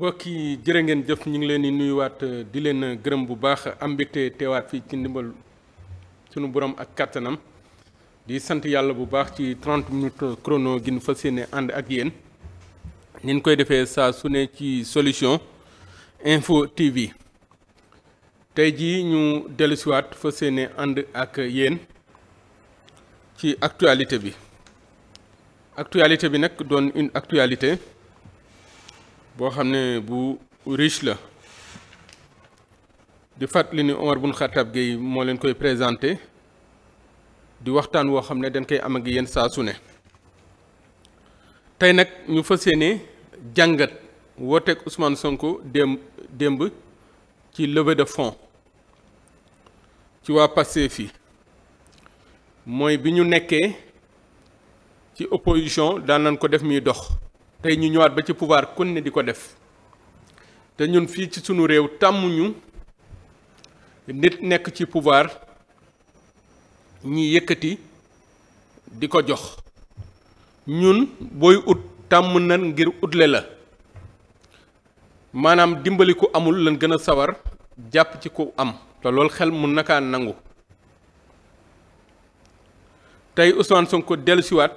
mbokk yi jërë ngeen jëf ñu ngi leen di nuyuwaat euh, di leen euh, gërëm bu baax am mbégte teewaat fii ci ndimbal sunu borom ak kattanam di sant yàlla bu baax ci 30 minutes euh, chrono gi nu fas ànd ak yéen ñu koy defee saa su ne ci solution info TV tey jii ñu dellusiwaat fa yéene ànd ak yéen ci actualité bi actualité bi nag doon une actualité. boo xam ne bu riche la di fàttali ni Omar bun Xattab Gueye moo leen koy présenté di waxtaan woo xam ne dañ koy amag ak yéen saa su ne tey nag ñu fas yéene jàngat wooteeg Ousmane Sonko démb démb ci levée de fonds ci waa Pastef fii mooy bi ñu nekkee ci opposition daan nañ ko def muy dox tey ñu ñëwaat ba ci pouvoir kon ne di ko def te ñun fii ci sunu réew tàmmuñu nit nekk ci pouvoir ñi yëkkati di ko jox ñun booy ut tàmm nan ngir utle la maanaam dimbali ku amul lan gën a sawar jàpp ci ku am te loolu xel mun nakaa nangu tey Ousmane Sonko dellusiwaat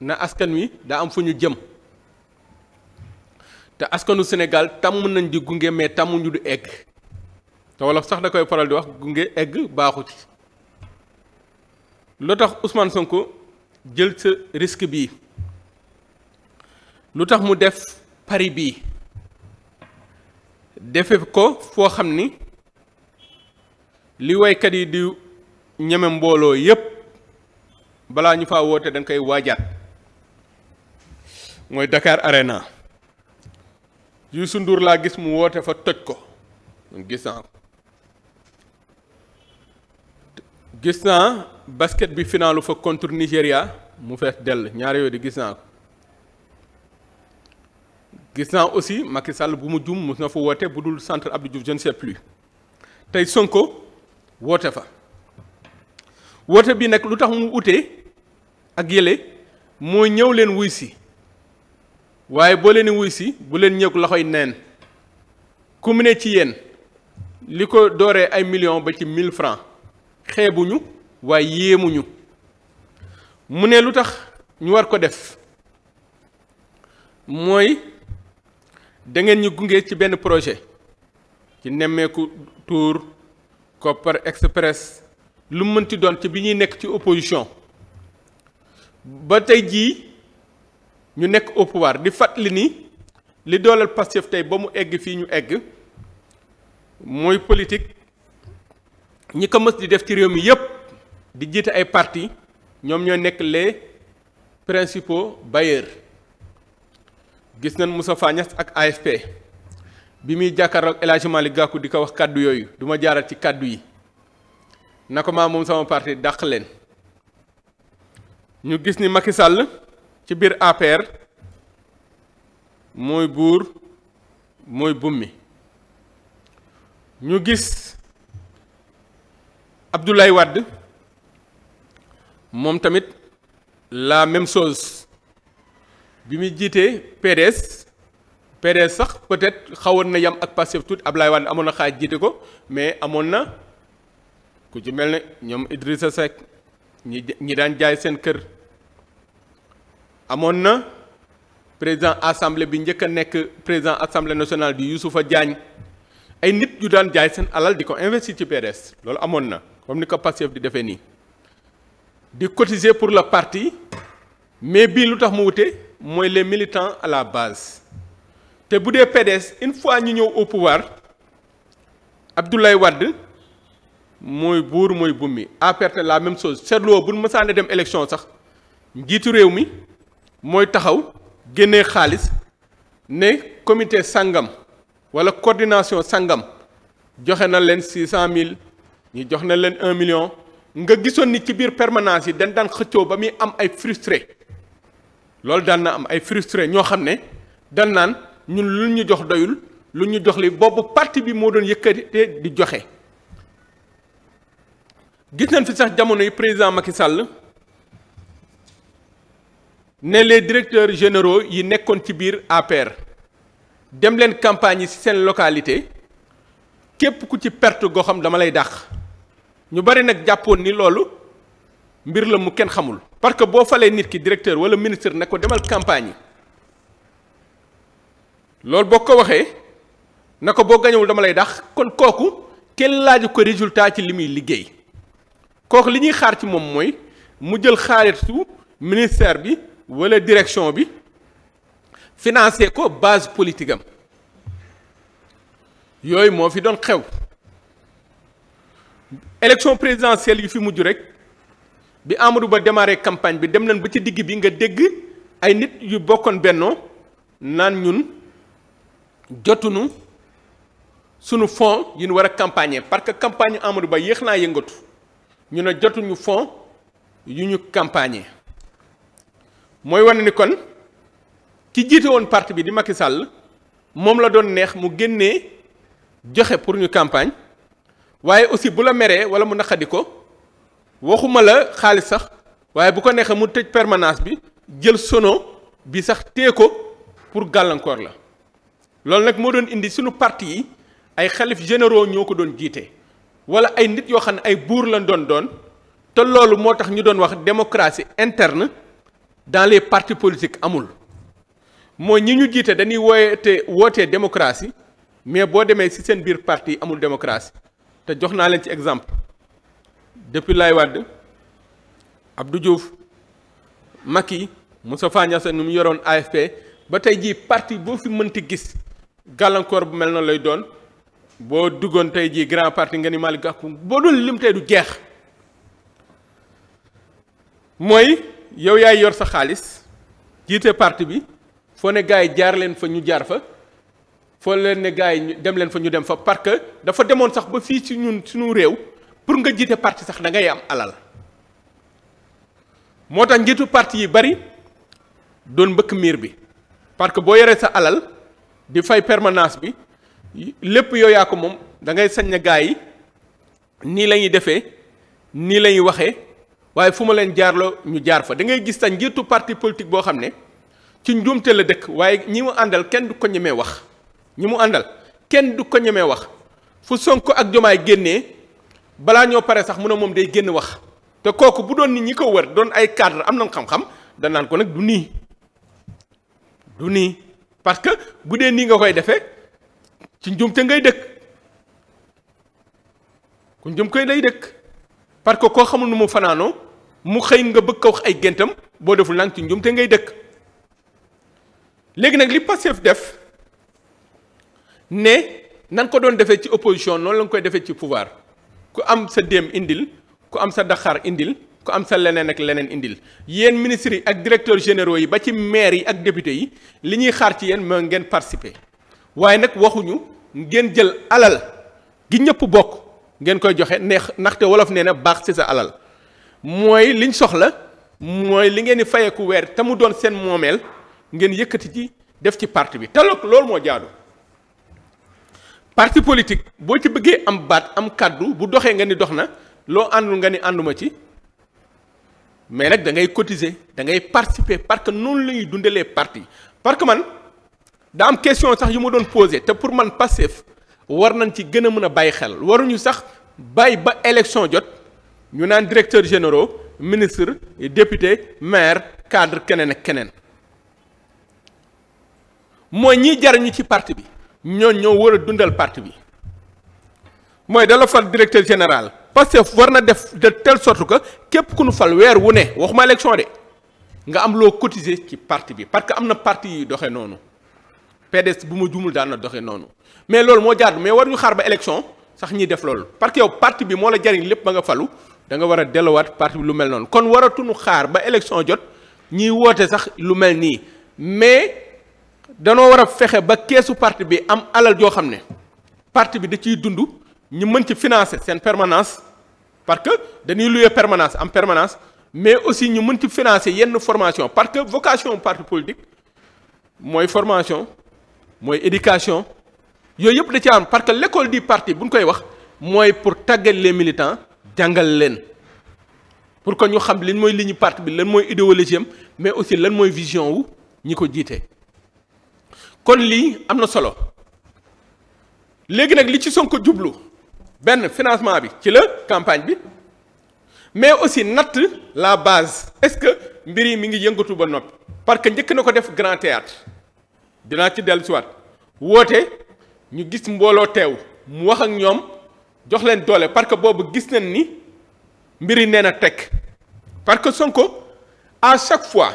na askan wi daa am fu ñu jëm te askanu Sénégal tàmm nañ di gunge mais tàmm ñu du egg te wolof sax da koy faral di wax gunge egg baaxu ci lu tax Ousmane ko jël sa risque bi lu tax mu def pari bi defe ko foo xam ni li waykat yi di ñeme mbooloo yépp balaa ñu faa woote dañ koy waajaat mooy dakaar Arena Youssou Ndour laa gis mu woote fa toj ko gis naa ko gis naa basket bi finalu fa contre Nigéria mu fees dell ñaar yooyu di gis naa ko gis naa aussi Macky Sall bu mu jum mos na fa woote bu dul centre Abdou Diouf je ne lu plus tey Sonko woote fa woote bi nag lu tax mu utee ak yële mooy ñëw leen wuy si waaye boo leen wuy si bu leen ñëw loxoy neen ku mu ne ci yéen li ko dooree ay millions ba ci mille francs xeebuñu waaye yéemuñu mu ne lu tax ñu war ko def mooy da ngeen ñu gunge ci benn projet ci nemmeeku tuur Kopar Express lu mënti doon ci bi ñuy nekk ci opposition ba tey jii ñu nekk au pouvoir di fàttali ni li doolal Pastef tey ba mu egg fii ñu egg mooy politique ñi ko mës di def ci réew mi yépp di jiite ay parti ñoom ñoo nekk les principaux bailleurs gis nañ Moustapha Niasse ak AFP bi muy jàkkaarloog El Hadj Malick Gakou di ko wax kàddu yooyu du ma jaaral ci kàddu yi na ko maa moom sama parti dàq leen ñu gis ni Macky ci biir APR mooy buur mooy bummi ñu gis Abdoulaye Wade moom tamit la même chose bi muy jiitee PDS PDS sax peut-être xawoon na yam ak Pastef tuuti Abdoulaye Wade amoon na xaaj jiite ko mais amoon na ku ci mel ni ñoom Idrissa Seck ñi ñi daan jaay seen kër amoon na président assemblée bi njëkk a nekk président assemblée nationale bi Youssoufa Diagne ay nit yu daan jaay seen alal di ko investir ci PDS loolu amoon na comme ni ko Pastef di defee nii di cotiser pour le partie mais bii lu tax mu wute mooy les militants à la base te bu dee PDS une fois ñu ñëw au pouvoir Abdoulaye Wade mooy buur mooy bummi APRT la même chose seetloo bu ñu mësaane dem élection sax njiitu réew mi mooy taxaw génnee xaalis ne comité sangam wala coordination sangam joxe na leen six cent mille ñu jox na leen un million nga gisoon ni ci biir permanence yi dañ daan xëccoo ba muy am ay frustré loolu daan na am ay frustré ñoo xam ne dan naan ñun lu ñu jox doyul lu ñu jox li boobu parti bi moo doon yëkkatee di joxe gis nañ fi sax jamono yi président Macky Sall ne les directeurs généraux yi nekkoon ci biir APR dem leen campagne yi ci seen localité képp ku ci perte goo xam dama lay dàq ñu bari nag jàppoon ni loolu mbir la mu kenn xamul. parce que boo falee nit ki directeur wala ministre ne ko demal campagne yi loolu boo ko waxee na ko boo gañewul dama lay dax kon kooku kenn laaju ko résultat ci li muy liggéey kooku li ñuy xaar ci moom mooy mu jël xaalisu ministère bi. wala direction bi financé ko base politique am yooyu moo fi doon xew élection présidentielle yu fi mujj rek bi Amadou Ba démarré campagne bi dem nañ ba ci digg bi nga dégg ay nit yu bokkoon bennoo naan ñun jotunu sunu fonds yu ñu war a campagner parce que campagne Amadou Ba yéex naa yëngatu ñu ne jotuñu fonds yu ñu campagner. mooy wane ni kon ki jiite woon parti bi di Macky sàll moom la doon neex mu génnee joxe pour ñu campagne waaye aussi bu la meree wala mu naqadi ko waxuma la xaalis sax waaye bu ko neexee mu tëj permanence bi jël sono bi sax tee ko pour gàllankoor la loolu nag moo doon indi suñu parti yi ay xalif généraux ñoo ko doon jiite wala ay nit yoo xam ne ay buur lañ doon doon te loolu moo tax ñu doon wax démocratie interne dans les partis politiques amul mooy ñi ñu jiite dañuy te wootee démocratie mais boo demee ci seen biir partie amul démocratie te jox naa leen ci exemple depuis Laye Wade Abdou Diouf Macky Moustapha Niasse nu mu yoroon AFP ba tey jii parti boo fi mënti gis gàllankoor bu mel noonu lay doon boo duggoon tey jii grand parti nga ni Malick Gakou boo doon lim tey du jeex mooy. yow yaay yor sa xaalis jiite parti bi foo ne gars yi jaar leen fa ñu jaar fa foo leen ne gars yi dem leen fa ñu dem fa parce que dafa demoon sax ba fii ci ñun suñu réew pour nga jiite parti sax da ngay am alal moo tax njiitu parti yi bari doon mbëkk miir bi parce que boo yoree sa alal di fay permanence bi lépp yow yaa ko moom da ngay sañ ne gars yi nii lañuy defee nii la waxee. waaye fu ma leen jaarloo ñu jaar fa dangay gis sax njiitu parti politique boo xam ne ci njuumte la dëkk waaye ñi mu àndal kenn du ko ñemee wax ñi mu àndal kenn du ko ñemee wax fu Sonko ak Jomaay génnee balaa ñoo pare sax mu ne moom day génn wax te kooku bu doon nit ñi ko wër doon ay cadre am na xam-xam danaan ko nag du nii du nii parce que bu dee nii nga koy defee ci njuumte ngay dëkk ku njuum koy lay dëkk parce que koo xamul nu mu fanaanoo mu xëy nga bëgg ko wax ay géntam boo deful nang ci njum te ngay dëkk léegi nag li fu def ne nan ko doon defee ci opposition noonu la nga koy defee ci pouvoir ku am sa déem indil ku am sa daqaar indil ku am sa leneen ak leneen indil yéen ministre yi ak directeur généraux yi ba ci maire yi ak député yi li ñuy xaar ci yéen moo ngeen participer waaye nag waxuñu ngeen jël alal gi ñëpp bokk ngeen koy joxe neex ndaxte wolof nee na baax ci sa alal mooy liñ soxla mooy li ngeen di fayeeku weer te mu doon seen moomeel ngeen yëkkati ji def ci parti bi te loolu moo jaadu parti politique boo ci bëggee am baat am kàddu bu doxee nga ni dox na loo àndul nga ni ànduma ci mais nag da ngay cotiser da ngay participer parce que noonu la ñuy dundalee parti parce que man daa am question sax yu ma doon posé te pour man passif war nañ ci gën a mën a bàyyi xel waruñu sax bàyyi ba élection jot ñu naan directeur généraux ministre député maire cadre keneen ak keneen mooy ñiy jariñu ci parti bi ñoo ñoo war a dundal parti bi mooy dala fal directeur général parce que war na def de telle sorte que képp ku nu fal weer wu ne waxuma élection de nga am loo cotiser ci parti bi parce que am na parti yuy doxee noonu PDS bu mu juumul daan na doxee noonu mais loolu moo jaadu mais war ñu xaar ba élection sax ñiy def loolu parce que yow parti bi moo la jariñ lépp ba nga falu danga war a dellowaat parti bi lu mel noonu kon waratuñu xaar ba élection jot ñiy woote sax lu mel nii mais danoo war a fexe ba keesu parti bi am alal joo xam ne parti bi da ciy dund ñu mën ci financer seen permanence parce que dañuy louer permanence am permanence mais aussi ñu mën ci financer yenn formation parce que vocation parti politique mooy formation mooy éducation yooyu yëpp da ci am parce que l'école du parti bu ñu koy wax mooy pour tàggat les militants jàngal leen pour que ñu xam li mooy ligne parti bi lan mooy idéologie mais aussi lan mooy vision wu ñi ko jiite. kon lii am na solo léegi nag li ci Sonko jublu benn financement bi ci la campagne bi mais aussi natt la base est-ce que mbir yi mi ngi yëngatu ba noppi parce que njëkk na ko def grand théâtre dinaa ci dellusiwaat woote ñu gis mbooloo teew mu wax ak ñoom jox leen doole parce que boobu gis nañ ni mbir yi nee na tekk parce que Sonko a chaque fois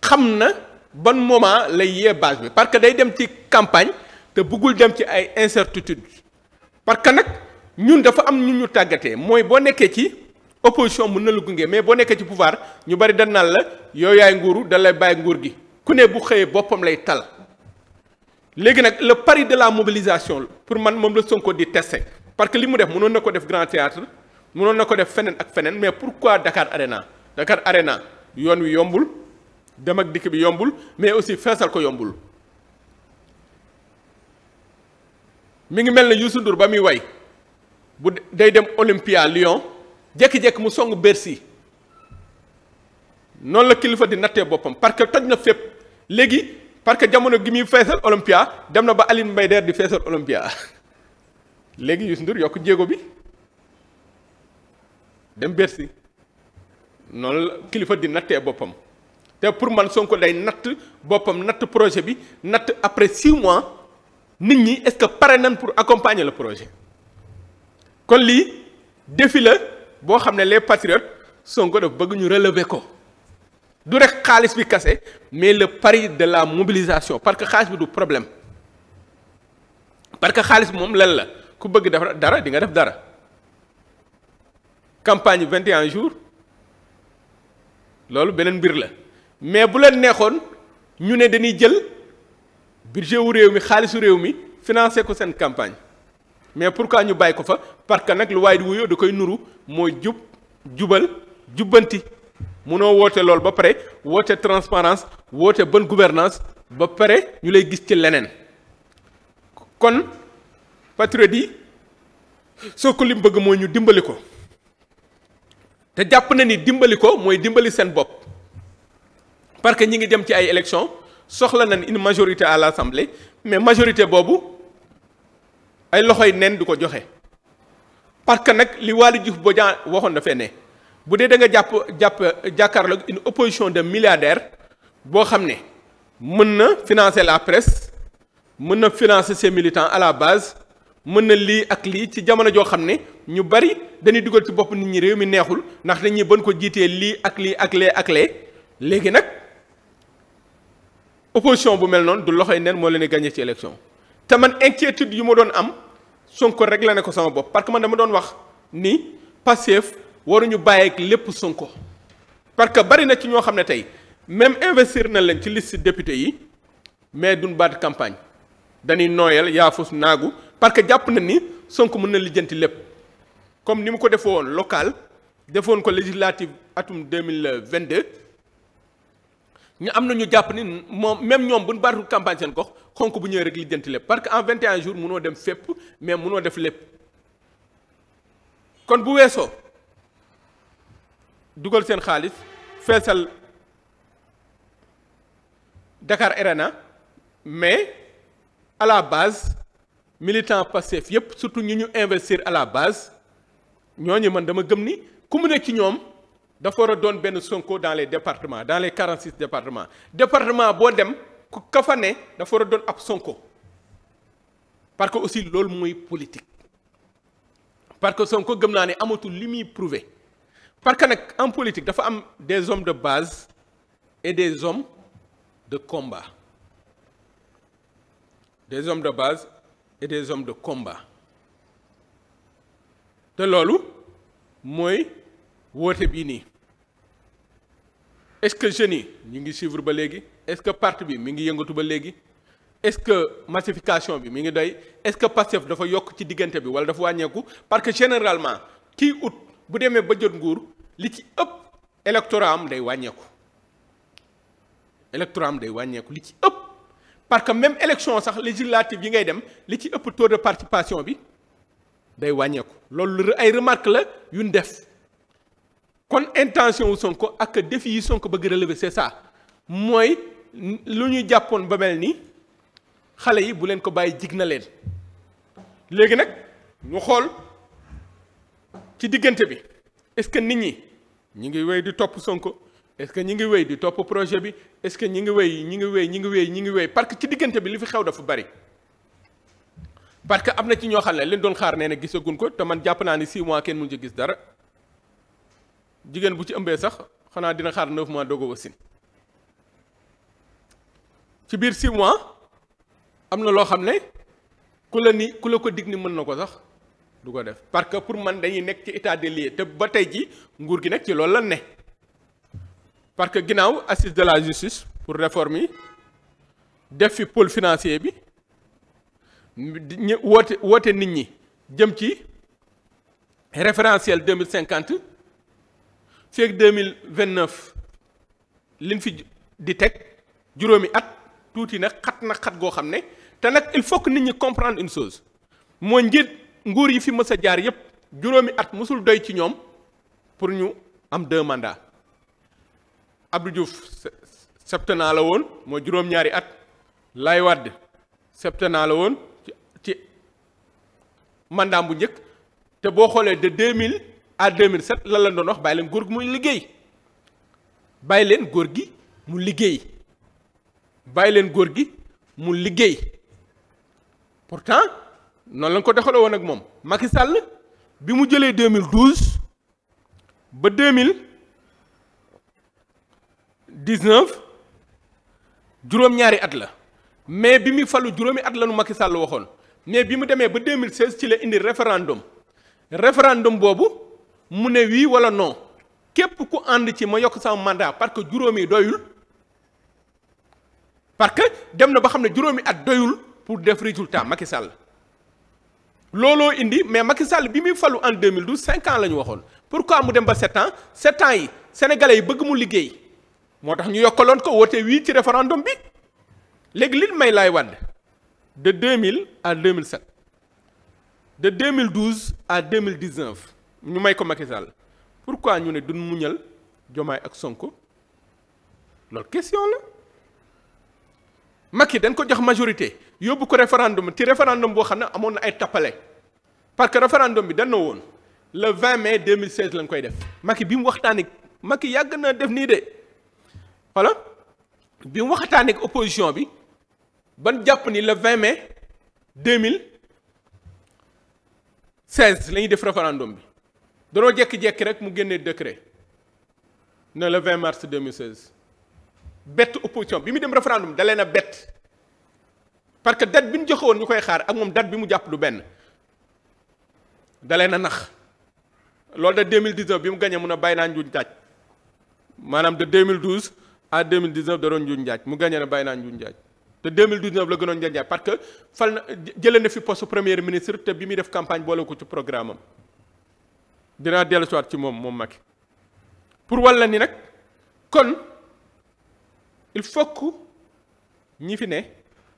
xam na ban moment lay yee base bi parce que day dem ci campagne te bëggul dem ci ay incertitude parce que nag ñun dafa am ñu ñu tàggatee mooy boo nekkee ci opposition mën na la gunge mais boo nekkee ci pouvoir ñu bari dañ naa la yow yaay nguuru da lay nguur gi ku ne bu xëyee boppam lay tal léegi nag le pari de la mobilisation pour man moom la Sonko di tester parce que li mu def mënoon na ko def grand théâtre mënoon na ko def feneen ak feneen mais pourquoi Dakar Arena Dakar Arena yoon wi yombul dem ak dikk bi yombul mais aussi feesal ko yombul mu ngi mel ne Youssou Ndour ba muy way bu day dem Olympia Lyon jékki-jékki mu song Bercy noonu la kilifa di nattee boppam parce que toj na fépp léegi. parce que jamono gi muy feesal Olympia dem na ba Aline Mbaye der di feesal Olympia léegi Youssou Ndour yokk jéego bi dem Bercy noonu la kilifa di nattee boppam te pour man Sonko day natt boppam natt projet bi natt après six mois nit ñi est pare nan pour accompagner le projet kon lii défi la boo xam ne les patriotes Sonko daf bëgg ñu relever ko. du rek xaalis bi kase mais le pari de la mobilisation parce que xaalis bi du problème parce que xaalis moom lan la ku bëgg def dara di nga def dara campagne bi 21 jours loolu beneen mbir la mais bu leen neexoon ñu ne dañuy jël budget wu réew mi xaalisu réew mi financé ko seen campagne mais pour pourquoi ñu bàyyi ko fa parce que nag lu waaye di wuyoo da koy nuru mooy jub jubal jubbanti. munoo woote lool ba pare woote transparence woote bonne gouvernance ba pare ñu lay gis ci leneen kon patriote yi soo ko lim bëgg mooy ñu dimbali ko te jàpp na ni dimbali ko mooy dimbali seen bopp parce que ñi ngi dem ci ay élections soxla na nañ une majorité à l'Assemblée mais majorité boobu ay loxoy nen du ko joxe parce que nag li Waly boo jaa waxoon na fee ne bu dee da nga jàpp jàpp jàkkaarloog une opposition de milliardaires boo xam ne mën na financer la presse mën na financer ses militants à la base mën na lii ak lii ci jamono joo xam ne ñu bari dañuy dugal ci bopp nit ñi réew mi neexul ndax dañuy bën ko jiitee lii ak lii ak lee ak lee léegi nag opposition bu mel noonu du loxoy nen moo leen di gagné ci élection te man inquiétude yu ma doon am rek la na ko sama bopp parce que man dama doon wax ni Pastef waruñu bàyyeek lépp Sonko parce que bari na ci ñoo xam ne tey même investir na leen ci liste député yi mais duñ baat campagne dañuy nooyal yaa fus naagu parce que jàpp na ni Sonko mën na lijjanti lépp comme ni mu ko defee woon local defoon ko législative atum deux mille vingt deux ñu am na ñu jàpp ni moom même ñoom bu ñu baatul campagne seen ko xonk bu ñëwee rek lijjanti lépp parce que en vingt et un jours mënoo dem fépp mais mënoo def lépp kon bu weesoo. dugal seen xaalis feesal Dakar Arena mais à la base militant Pastef yépp surtout ñu ñu investir à la base ñooñu man dama gëm ni ku mu ne ci ñoom dafa war a doon benn Sonko dans les départements dans les 46 départements département boo dem ku ka fa dafa war a doon ab Sonko parce que aussi loolu mooy politique parce que Sonko gëm naa ne amatul li muy prouver parce que nag en politique dafa am des hommes de base et des hommes de combat des hommes de base et des hommes de combat te loolu mooy woote bii nii est-ce que jeunes yi ñu ngi suivre ba léegi est-ce que parti bi mi ngi yëngatu ba léegi est-ce que massification bi mi ngi doy est-ce que Pastef dafa yokk ci diggante bi wala dafa wàññeeku parce que généralement kii ut bu demee ba jot nguur li ci ëpp électorat am day wàññeeku électorat am day wàññeeku li ci ëpp parce que même élection sax législative yi ngay dem li ci ëpp taux de participation bi day wàññeeku loolu ay remarque la yu ñu def kon intention wu Sonko ak défi yi Sonko bëgg relever c'est mooy lu ñuy jàppoon ba mel ni xale yi bu leen ko bàyyi jig na leen léegi nag ñu xool ci diggante bi est-ce que nit ñi ñi ngi wéy di topp Sonko est-ce que ñi ngi wéy di topp projet bi est-ce que ñi ngi wéy ñi ngi wéy ñi ngi wéy ñi ngi wéy parce que ci diggante bi li fi xew dafa bari parce que am na ci ñoo xam ne leen doon xaar nee na gisagun ko te man jàpp naa ni 6 mois kenn mun ci gis dara jigéen bu ci ëmbee sax xanaa dina xaar 9 mois doog a wasin ci biir 6 mois am na loo xam ne ku la ni ku la ko dig ni mën na ko sax du ko def parce que pour man dañuy nekk ci état des lieux te ba tey ji nguur gi nekk ci loolu la ne parce que ginnaaw assise de la justice pour réforme yi def fi pôle financier bi ñu woote woote nit ñi jëm ci référentiel deux mille cinquante feeg deux mille vingt neuf liñ fi di teg juróomi at tuuti nag xat na xat goo xam ne te nag il faut que nit ñi comprendre une chose mooy njiit. nguur yi fi mës a jaar yépp juróomi at mosul doy ci ñoom pour ñu am deux mandats Abdou Diouf septennat la woon mooy juróom-ñaari at lay Wàdd septennat la woon ci mandat bu njëkk te boo xoolee de 2000 à 2007 lan la doon wax leen góor gi liggéey bàyyi leen góor gi mu liggéey bàyyi leen góor gi mu liggéey pourtant noonu lañ ko doxalee woon ak moom Macky Sall bi mu jëlee 2012 ba 2019 juróom-ñaari at la mais bi muy falu juróomi at la nu Macky Sall waxoon mais bi mu demee ba 2016 ci la indi référendum référendum boobu mu ne wii wala noo képp ku ànd ci ma yokk sama mandat parce que juróomi doyul parce que dem na ba xam ne juróomi at doyul pour def résultat Macky Sall. looloo indi mais Macky Sall bi muy falu en deux mille ans la ñu waxoon pourquoi mu dem ba 7 ans 7 ans yi sénégalais yi bëgg mu liggéey moo tax ñu yokkaloon ko woote wii ci référendum bi léegi li may laay wàdd de 2000 à 2007 de deux mille 2012 à 2019 ñu may ko Macky Sall pourquoi ñu ne duñ muñal Diomaye ak sonk loolu question la yi dañ ko jox majorité. yóbbu ko référendum ci référendum boo xam ne amoon na ay tappale parce que bi dañ na woon le 20 mai 2016 lañ koy def Macky bi mu waxtaanee Macky yàgg na def nii de voilà bi mu waxtaanee ak bi ban jàpp ni le 20 mai 2016 la ñuy def référendum bi danoo jékki rek mu génnee décret ne le 20 mars 2016 bett opposition bi muy dem référendum dalee na bett. parce que date bi ñu joxe ñu koy xaar ak moom date bi mu jàpp du benn dalee na nax loolu de 2019 bi mu gagné mun a bàyyi naa njuñ njaaj maanaam de mille 2012 à 2019 da doon njuñ njaaj mu gagné na bàyyi naa njuñ njaaj te 2019 la gënoon njuñ njaaj parce que fal na jëlee na fi poste première ministre te bi muy def campagne boole ko ci programme am dinaa dellu siwaat ci moom moom Macky pour walla ni nag kon il faut que ñi fi ne.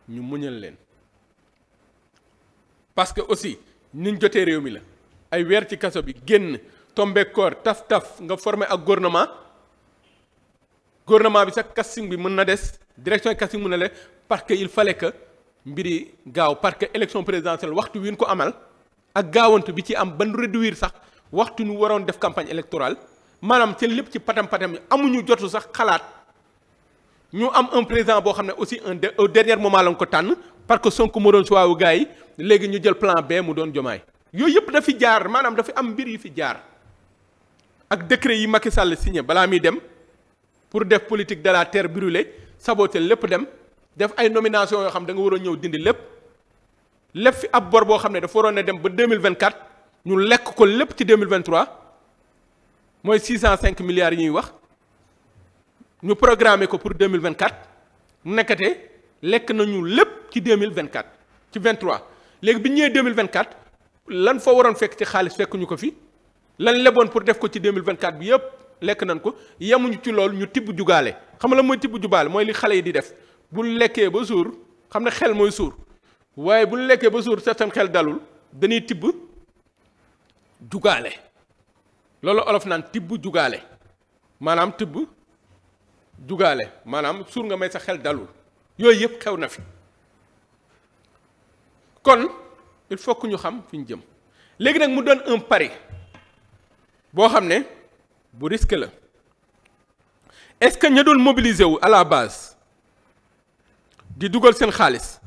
ñu muñal leen parce que aussi niñ jotee réew mi la ay weer ci kaso bi génn tombe koor taf-taf nga forme ak gouvernement gouvernement bi sax casting bi mën na des direction casting mën na des parce que il fallait que mbiri gaaw parce que élection présidentielle waxtu wi ñu ko amal ak gaawantu bi ci am ban réduire sax waxtu ñu waroon def campagne électorale maanaam ci lépp ci patam-patam yi amuñu jotu sax xalaat ñu am un présent boo xam ne aussi un de dernier moment la nga ko tànn parce que Sonko moo doon suwaawu gars yi léegi ñu jël plan B mu doon jomaay yooyu yëpp dafi jaar maanaam dafa am mbir yi fi jaar ak décret yi Macky Sall signé balaa muy dem pour def politique de la terre brûlée sabote lépp dem def ay nomination yoo xam da nga waroon ñëw dindi lépp lépp fi ab bor boo xam ne dafa waroon a dem ba 2024 ñu lekk ko lépp ci 2023 mooy 605 milliards yi ñuy wax ñu programmer ko pour 2024 nekkate lekk nañu lépp ci 2024 ci 23 léegi bi ñëwee 2024 lan fa waroon fekk ci xaalis fekkuñu ko fi lan leboon pour def ko ci 2024 bi yépp lekk nañ ko yemuñu ci lool ñu tibb jugaale xam nga la mooy tibb jubaale mooy li xale yi di def bu lekkee ba suur xam ne xel mooy suur waaye bu lekkee ba suur seen xel dalul dañuy tibb jugaale loolu olof naan tibb jugaale maanaam tibb jugaale maanaam suur nga may sa xel dalul yooyu yëpp xew na fi kon il faut que ñu xam fi ñu jëm léegi nag mu doon un pari boo xam ne bu risque la est-ce que ña doon mobiliser wu à la base di dugal seen xaalis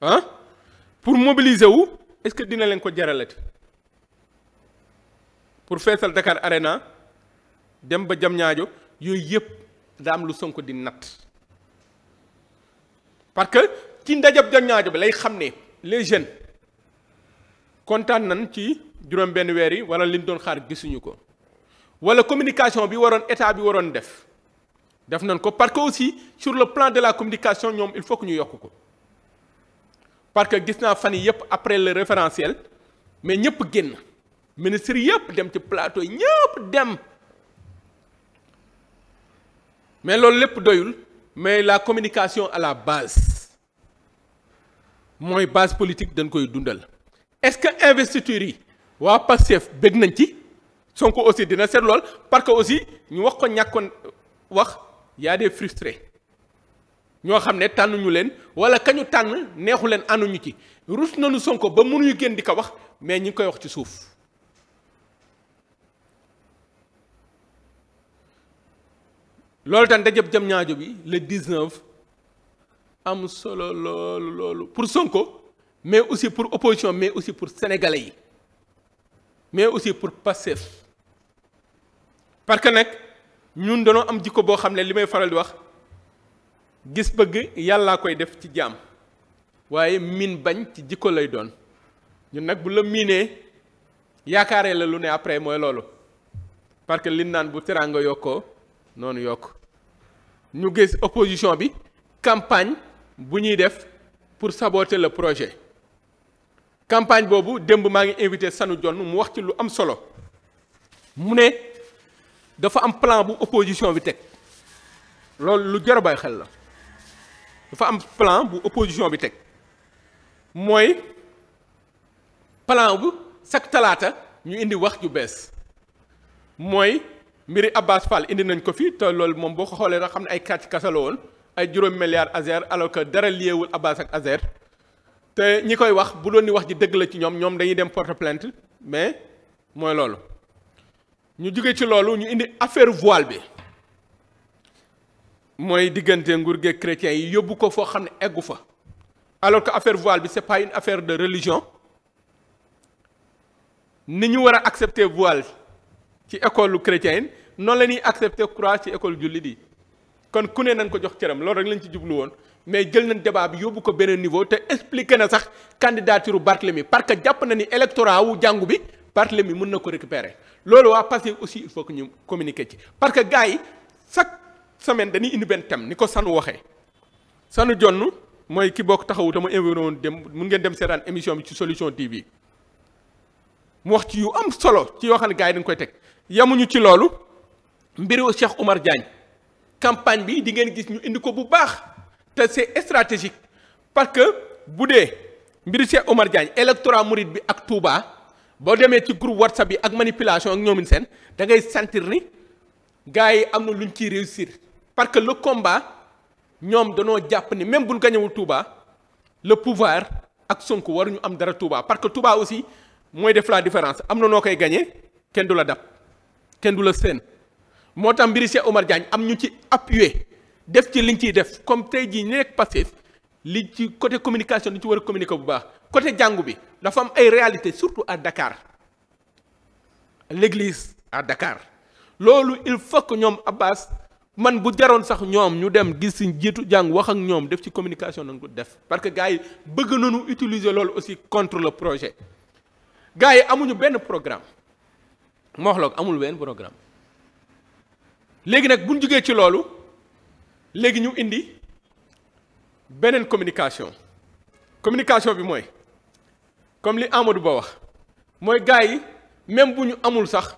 ah pour mobiliser wu est-ce que dina leen ko jaralati pour feesal Dakar Arena dem ba jam ñaajo yooyu yëpp daa am lu sonk di natt parce que ci ndajab jam ñaajo bi lay xam ne les jeunes kontaan nan ci juróom benn weer yi wala liñ doon xaar gisuñu ko wala communication bi waroon état bi waroon def def nañ ko parce que aussi sur le plan de la communication ñoom il faut que ñu yokk ko parce que gis naa fan yi yëpp après le référentiel mais ñëpp génn ministre yëpp dem ci plateau ñëpp dem mais loolu lépp doyul mais la communication à la base mooy base politique dañ koy dundal est-ce que investiture yi waa Pastef bëgg nañ ci Sonko aussi dina seet lool parce que aussi ñu wax ko ñàkkoon wax yaa a des frustrés ñoo xam ne tànnuñu leen wala kañu tànn neexu leen ànduñu ci rus nañu Sonko ba mënuñu génn di ko wax mais ñi koy wax ci suuf loolu tam dajëb jam ñaajo bi le 19 am solo loolu loolu pour Sonko mais aussi pour opposition mais aussi pour sénégalais yi mais aussi pour Pastef parce que nag ñun dañoo am jikko boo xam ne li may faral di wax gis bëgg yàlla koy def ci jaam waaye miin bañ ci jikko lay doon ñu nag bu la miinee yaakaaree la lu ne après mooy loolu parce li lin naan bu teraanga yokkoo noonu yokk ñu gis opposition bi campagne bu ñuy def pour saboter le projet campagne boobu démb maa ngi invité Sanu Jonn mu wax ci lu am solo mu ne dafa am plan bu opposition bi teg loolu lu jar a bàyyi xel la dafa am plan bu opposition bi teg mooy plan bu chaque talaata ñu indi wax ju bees mooy mbiri Abbas Fall indi nañ ko fii te loolu moom boo ko xoolee nga xam ne ay kàcc kasa la woon ay juróom milliards Azer alors que dara liyeewul Abbas ak Azer te ñi koy wax bu doon ni wax ji dëgg la ci ñoom ñoom dañuy dem porte plainte mais mooy loolu ñu jóge ci loolu ñu indi affaire voile bi mooy diggante nguur geeg chrétiens yi yóbbu ko foo xam ne eggu fa alors que affaire voile bi c'est pas une affaire de religion ni ñu war a accepter voile ci école chrétienne noonu la ñuy accepter croix ci école jullit yi kon ku ne nañ ko jox cëram loolu rek lañ ci jublu woon mais jël nañ débat bi yóbbu ko beneen niveau te expliqué na sax candidature Barthélemy parce que jàpp na ni électorat wu jàngu bi Barthélemy mën na ko récupérer loolu waa Pastef aussi il faut que ñu communiquer ci parce que gars yi chaque semaine dañuy indi benn ni ko sanu waxee sanu jonn mooy ki bokk taxawu te mu invité woon dem mun ngeen dem seetaan émission bi ci solution TV mu wax ci yu am solo ci yoo xam ne gars yi dañ koy teg yamuñu ci loolu mbiru Cheikh Oumar Diagne campagne bi di ngeen gis ñu indi ko bu baax te c'est stratégique parce que bu dee mbiru Cheikh Oumar Diagne électorat murid bi ak Touba boo demee ci groupe WhatsApp yi ak manipulation ak ñoomin seen da ngay sentir ni gars yi am na lu ñu ciy réussir parce que le combat ñoom danoo jàpp ni même buñ gañewul Touba le pouvoir ak Sonko ñu am dara Touba parce que Touba aussi mooy def la différence am na noo koy gañee kenn du la dab kenn du la seen moo tax mbiri Cheikh Omar Diagne am ñu ci appuyé def ci li ñu ciy def comme tey jii ñu nekk Pastef li ci côté communication li ci war a communiquer bu baax côté jàngu bi dafa am ay réalité surtout à Dakar l'église à Dakar loolu il faut que ñoom Abbas man bu jaroon sax ñoom ñu dem gis si jiitu jàng wax ak ñoom def ci communication nañ ko def parce que gars yi bëgg nañu utiliser loolu aussi contre le projet gars yi amuñu benn programme ma wax la ko amul ween programme léegi nag bu ñu jógee ci loolu léegi ñu indi beneen communication communication bi mooy comme li Amadou Ba wax mooy gars yi même bu ñu amul sax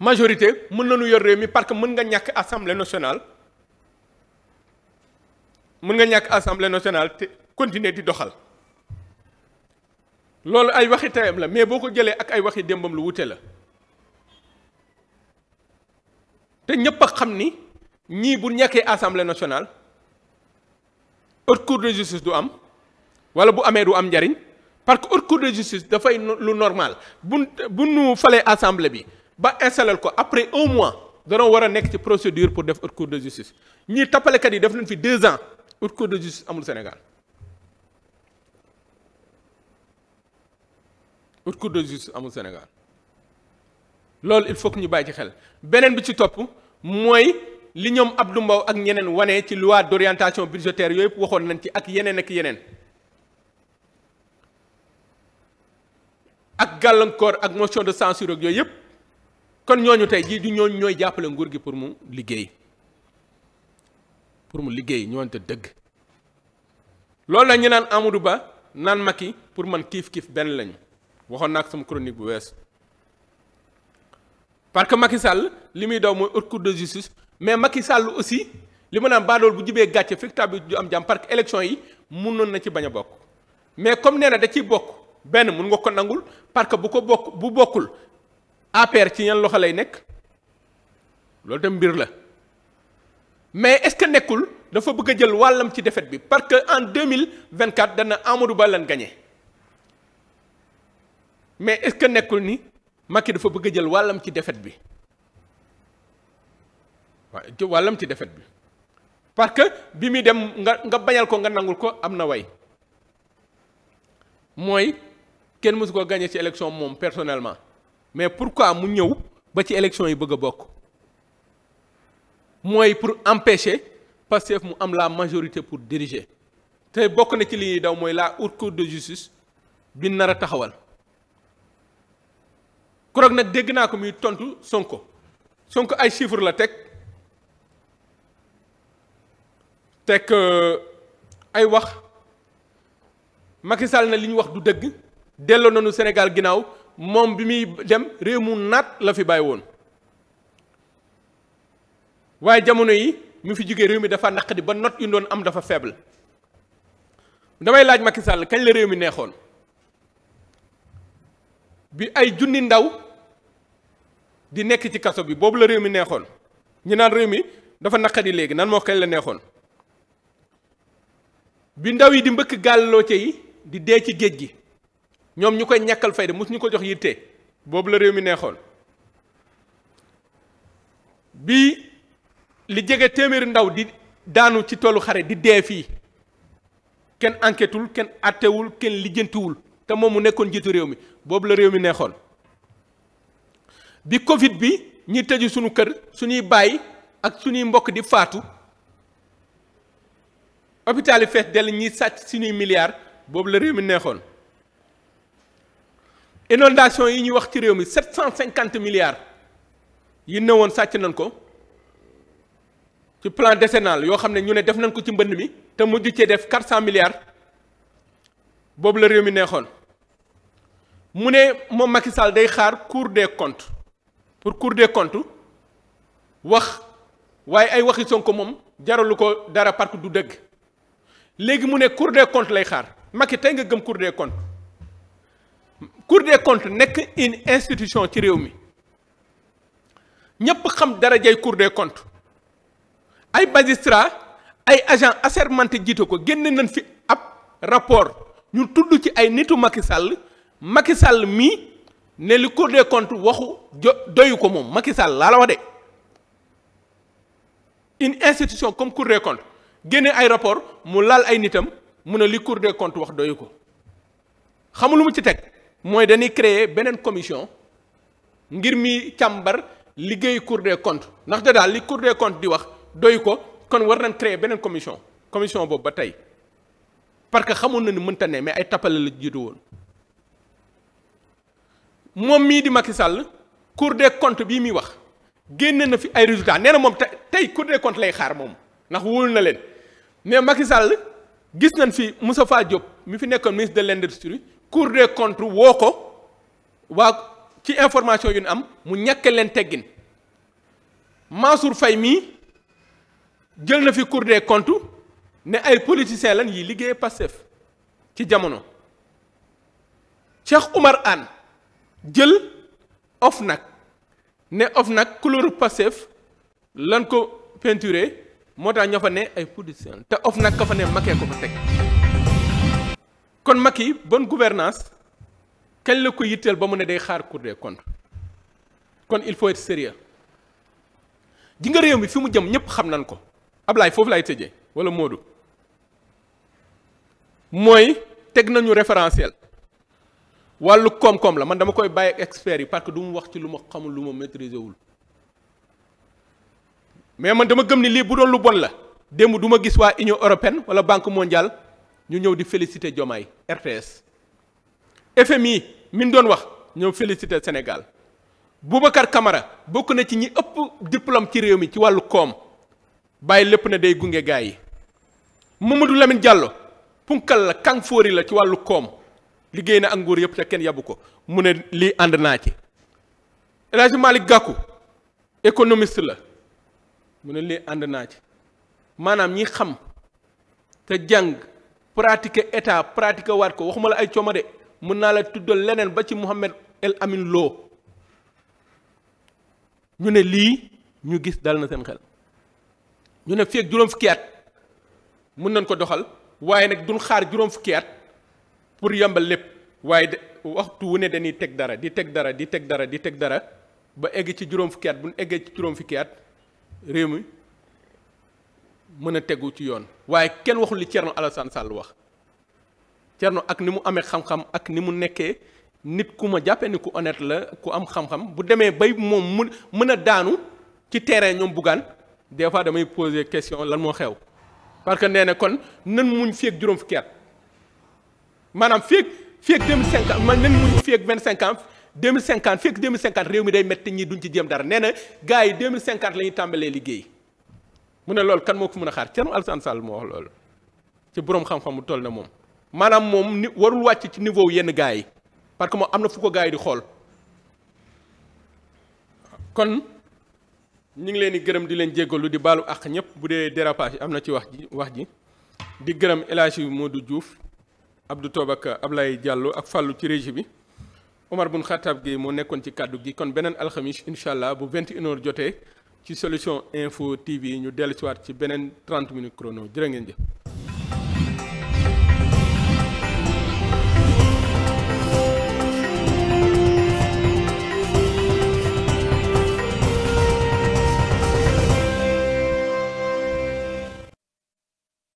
majorité mën nu yor réew mi parce que mën nga ñàkk assemblée nationale mën nga ñàkk assemblée nationale te continuer di doxal. loolu ay waxi tayam la mais boo ko jëlee ak ay waxi démbam lu wute la te ñëpp a xam ni ñii bu ñàkkee assemblée nationale haute cour de justice du am wala bu amee du am njariñ parce que haute cour de justice dafay lu normal bu bu nu falee assemblée bi ba installé ko après un mois danoo war a nekk ci procédure pour def haute cour de justice ñii tappalekat yi def nañ fi deux ans haute cour de justice amul Sénégal. haute cour de justice amul Sénégal loolu il faut que ñu bàyyi ci xel beneen bi ci topp mooy li ñoom Abdou Mbow ak ñeneen wane ci loi d'orientation budgétaire yooyu waxoon nañ ci ak yeneen ak yeneen ak gàllankoor ak motion de censure ak yooyu yëpp kon ñooñu tey jii du ñooñu ñooy jàppale nguur gi pour mu liggéey pour mu liggéey ñoonte dëgg loolu nag ñu naan Amadou Ba naan mag yi pour man kiif kiif benn lañu waxoon na ko sama chronique bu wees parce que Macky Sall li muy daw mooy haute cour de justice mais Macky Sall aussi li ma naan baadool bu jibee gàcce fekk tabi du am jàmm parce que élection yi mënoon na ci bañ a bokk mais comme nee na da ciy bokk benn mun nga ko nangul parce que bu ko bokk bu bokkul APR ci ñan loxo lay nekk loolu tam mbir la mais est-ce que nekkul dafa bëgg a jël wàllam ci défaite bi parce que en deux mille vingt quatre dana Amadou Ba lan gañe mais est que nekkul ni Macky dafa bëgg a jël wàllam ci défaite bi waaw wàllam ci defet bi parce que bi muy dem nga nga bañal ko nga nangul ko am na way mooy kenn mësu ko gagné ci élection moom personnellement mais pourquoi mu ñëw ba ci élection yi bëgg a bokk mooy pour empêcher Pastef mu am la majorité pour diriger te bokk na ci li ñuy daw mooy la haute cour de justice bi nar a taxawal Keroog nag dégg naa ko muy tontu Sonko sonk ay chiffres la teg teg euh, ay wax Macky na li ñu wax du dëgg delloo nañu Sénégal ginnaaw moom bi muy dem réew mu naat la fi bàyyi woon waaye jamono yi mu fi jógee réew mi dafa naq di ba note yu doon am dafa faible damay laaj Macky Sall kañ la réew mi neexoon. bi ay junni ndaw di nekk ci kaso bi boobu la réew mi neexoon ñu naan réew mi dafa naqadi léegi nan moo kay la neexoon bi ndaw yi di mbëkk gàlloo ca yi di dee ci géej gi ñoom ñu koy ñàkkal fayda mosu ñu ko jox yitte boobu la réew mi neexoon bi li jege téeméeri ndaw di daanu ci toolu xare di dee fii kenn enquêtul kenn àttewul kenn lijjantiwul te moom mu nekkoon jiitu réew mi boobu la réew mi neexoon bi Covid bi ñi tëju suñu kër suñuy bàyyi ak suñuy mbokk di faatu hôpital yi fees dell ñiy sàcc suñuy milliards boobu la réew mi neexoon inondation yi ñuy wax ci réew mi 750 milliards yi ne sàcc nañ ko ci plan décennal yoo xam ne ñu ne def nañ ko ci mbënd mi te mujj cee def 400 milliards boobu la réew mi neexoon. mu ne moom Macky Sall day xaar cour des comptes pour cour des comptes wax waaye ay waxi Sonko moom jaralu ko dara parce du dëgg léegi mu ne cour des comptes lay xaar Macky tey nga gëm cour de comptes cour des comptes nekk une institution ci réew mi ñépp xam dara darajay cour des comptes ay magistrats ay agents assermentés jiite ko génne nañ fi ab rapport ñu tudd ci ay nitu Macky Sall Macky Sall mii ne li Cour des comptes waxu doyu ko moom Macky Sall laa la wax de une institution comme Cour des comptes génne ay rapport mu laal ay nitam mu ne li Cour de comptes wax doyu ko xamu lu mu ci teg mooy dañuy créer beneen commission ngir mi càmbar liggéey Cour des ndax de daal li Cour des comptes di wax doyu ko kon war nañ créer beneen commission commission boobu ba tey parce que xamoon na ni mënta ne mais ay tappale la jiitu woon moom mii di Macky sàll cour de comptes bii muy wax génne na fi ay résultats nee moom te tey cour des comptes lay xaar moom ndax wóolu na leen mais Macky sàll gis nañ fi Moustapha Diop mi fi nekkoon ministre de l'industrie cour de comptes woo ko waa ci information yu ñu am mu ñàkk leen teggin Mansour fay mii jël na fi cour des comptes ne ay politiciens lan yi liggéey Pastef ci jamono Cheikh Oumar Anne jël nag ne nag couleur Pastef lan ko peinturé moo tax ñoo fa ne ay politiciens te OFNAC ka fa ne Macky ko fa teg kon Macky bonne gouvernance kañ la ko yitteel ba mu ne day xaar Cour des comptes kon il faut être sérieux ji nga réew mi fi mu jëm ñëpp xam nañ ko Ablaye foofu lay tëjee wala Modou mooy teg nañu référentiel wàllu koom-koom la man dama koy bàyyi experts yi parce que du mu wax ci lu ma xamul lu ma maîtriser wul mais man dama gëm ni lii bu doon lu bon la démb duma gis waa Union européenne wala Banque mondiale ñu ñëw di féliciter jomaay RTS FMI min doon wax ñëw féliciter senegal Boubacar kamara bokk na ci ñi ëpp diplôme ci réew mi ci wàllu koom bàyyi lépp na day gunge gaay yi Mamadou Lamine jàlloo punkal la kanfoori la ci wàllu koom. liggéey na ak nguur yëpp te kenn yabu ko mu ne lii ànd naa ci El Hadj Malick Gakou économiste la mu ne lii ànd naa ci maanaam ñi xam te jàng pratiquer état pratiquer waat ko waxuma la ay cooma de mën naa la tuddal leneen ba ci Mouhamed El Amin Lo ñu ne lii ñu gis dal na seen xel ñu ne fii juróom fukki at mën nañ ko doxal waaye nag duñ xaar juróom fukki at pour yombal lépp waaye de waxtu wu ne dañuy teg dara di teg dara di teg dara di teg dara ba egg ci juróom fukki at bu ñu eggee ci juróom fukki at réew mi mën a tegu ci yoon waaye kenn waxul li Thierno Alassane Sall wax Thierno ak ni mu amee xam-xam ak ni mu nekkee nit ku ma jàppee ni ku honnête la ku am xam-xam bu demee bay moom mu mën a daanu ci terrain ñoom buggaan des fois damay poser question lan moo xew parce que nee na kon nan mu fi ak juróom fukki maanaam fii ak fii ak 2050 man nañ muñ fii ak cinquante ans 2050 fii ak 2050 réew mi day métti ñi duñ ci jéem dara nee na gars yi 2050 la ñuy tàmbalee liggéey mu ne loolu kan moo ko mën a xaar Thierno Alassane Sall moo wax loolu ci borom xam-xam bu toll na moom maanaam moom ni warul wàcc ci niveau yenn gaay yi parce que moom am na fu ko gars yi di xool kon ñu ngi leen di gërëm di leen jéggalu di baalu àq ñëpp bu dee dérapage am na ci wax wax ji di gërëm El Hadji Modou Diouf Abdou Toob ak Ablaye Diallo ak Fallou ci régie bi Omar bun Xattaab gi moo nekkoon ci kàddu gi kon beneen alxamis incha allah bu vingt h jotee ci solution info TV ñu dellusiwaat ci beneen 30 minutes chrono jërë ngeen jëf.